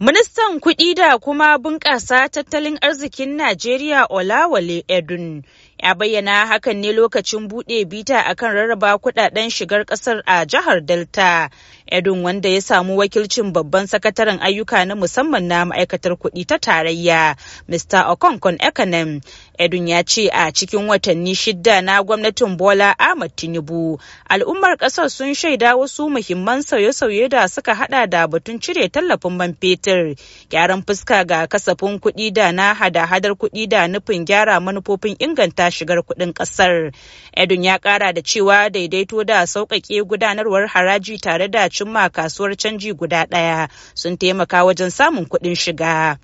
Ministan kuɗi da kuma bunƙasa tattalin arzikin Najeriya Olawale Edun Ya bayyana hakan ne lokacin bude bita akan rarraba kudaden shigar kasar a jihar Delta. Edun wanda ya samu wakilcin babban sakataren ayyuka na musamman na ma'aikatar kuɗi ta tarayya, Mr. Okonkon Ekanem. Edun ya ce a cikin watanni shidda na gwamnatin Bola Ahmad Tinubu, al'ummar kasar sun shaida wasu muhimman sauye-sauye da suka hada da batun cire tallafin man fetur, gyaran fuska ga kasafin kuɗi da na hada-hadar kuɗi da nufin gyara manufofin inganta ta shigar kuɗin ƙasar. Edun ya ƙara da cewa daidaito da sauƙaƙe gudanarwar haraji tare da cimma kasuwar canji guda ɗaya sun taimaka wajen samun kuɗin shiga.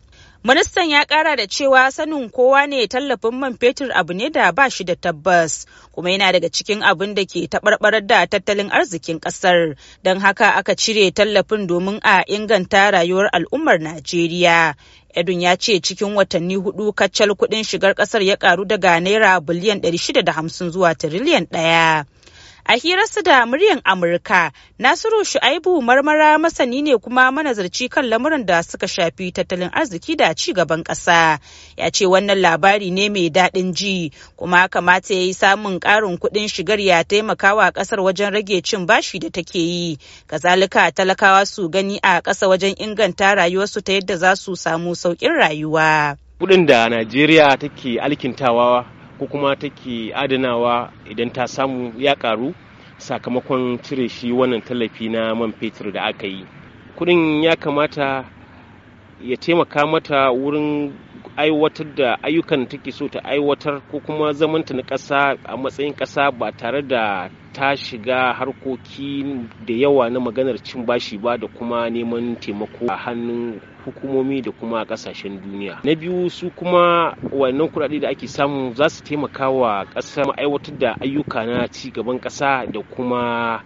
Ministan ya kara da cewa sanin kowa ne tallafin man fetur abu ne da ba shi da tabbas kuma yana daga cikin abin da ke taɓarɓarar da tattalin arzikin ƙasar don haka aka cire tallafin domin a inganta rayuwar al'ummar Najeriya. edun ya ce cikin watanni hudu kacal kudin shigar kasar ya karu daga naira biliyan 650 zuwa tiriliyan daya A hirarsa da muryan Amurka, Nasiru Shu'aibu marmara masani ne kuma manazarci kan lamuran da suka shafi tattalin arziki da ci gaban ƙasa. Ya ce wannan labari ne mai daɗin ji, kuma kamata ya yi samun ƙarin kuɗin shigar ya taimaka wa ƙasar wajen rage cin bashi da take yi. Kazalika talakawa su gani a ƙasa wajen inganta rayuwarsu ta yadda za su samu sauƙin rayuwa. Kuɗin da Najeriya take alkintawa ko kuma take adanawa idan ta samu ya karu sakamakon cire shi wannan tallafi na man fetur da aka yi kudin ya kamata ya taimaka mata wurin aiwatar da ayyukan da take so ta aiwatar ko kuma zamanta na ƙasa a matsayin ƙasa ba tare da ta shiga harkoki da yawa na maganar cin bashi ba da kuma neman taimako a hannun hukumomi da kuma kasashen duniya na biyu su kuma wannan kuɗaɗe da ake samu za su taimaka wa ƙasa ma'aiwatar da ayyuka na ci gaban ƙasa da kuma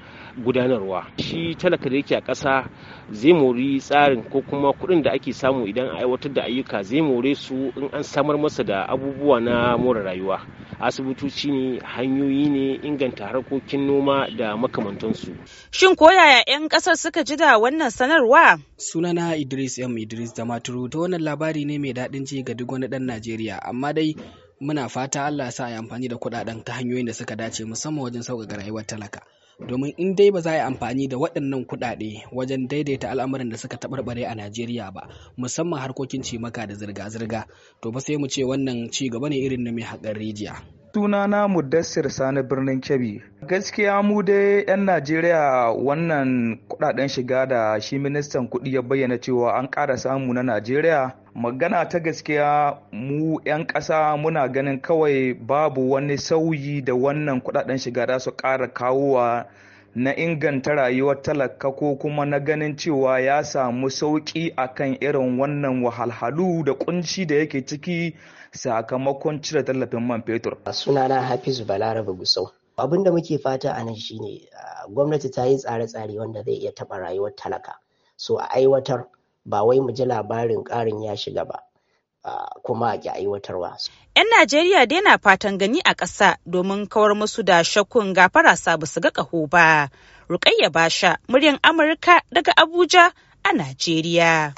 gudanarwa shi talaka da yake a ƙasa zai mori tsarin ko kuma kuɗin da ake samu idan a aiwatar da ayyuka zai more su in an samar masa da abubuwa na more rayuwa asibitoci ne hanyoyi ne inganta harkokin noma da makamantansu shin ko yaya 'yan ƙasar suka ji da wannan sanarwa sunana idris m idris da maturu ta wannan labari ne mai daɗin ji ga duk wani ɗan najeriya amma dai muna fata allah sa ya amfani da kuɗaɗen ta hanyoyin da suka dace musamman wajen sauƙaƙa rayuwar talaka domin in dai ba za a yi amfani da waɗannan kuɗaɗe wajen daidaita al'amuran da suka taɓarɓare a Najeriya ba musamman harkokin cimaka da zirga-zirga to ba sai mu ce wannan ci gaba ne irin na mai haƙar rijiya. na Mudassir Sani birnin Kebbi. Gaskiya mu dai 'yan Najeriya wannan kudaden shiga da shi ministan kuɗi ya bayyana cewa an ƙara samu na Najeriya magana ta gaskiya mu 'yan ƙasa muna ganin kawai babu wani sauyi da wannan kudaden shiga da su ƙara kawowa na inganta rayuwar talaka ko kuma na ganin cewa ya samu sauƙi kan irin wannan wahalhalu da kunci da yake ciki sakamakon cire tallafin man fetur. sunana hafizu balarabe gusau abin da muke fata a nan shine gwamnati ta yi tsare-tsare wanda zai iya taɓa rayuwar talaka so a aiwatar ba wai mu ji labarin ƙarin ya shiga ba kuma a aiwatarwa. 'Yan Najeriya dai na fatan gani a ƙasa domin kawar musu da shakkun gafara sabu su ga ƙaho ba. Rukayya Basha, muryan Amurka daga Abuja a Najeriya.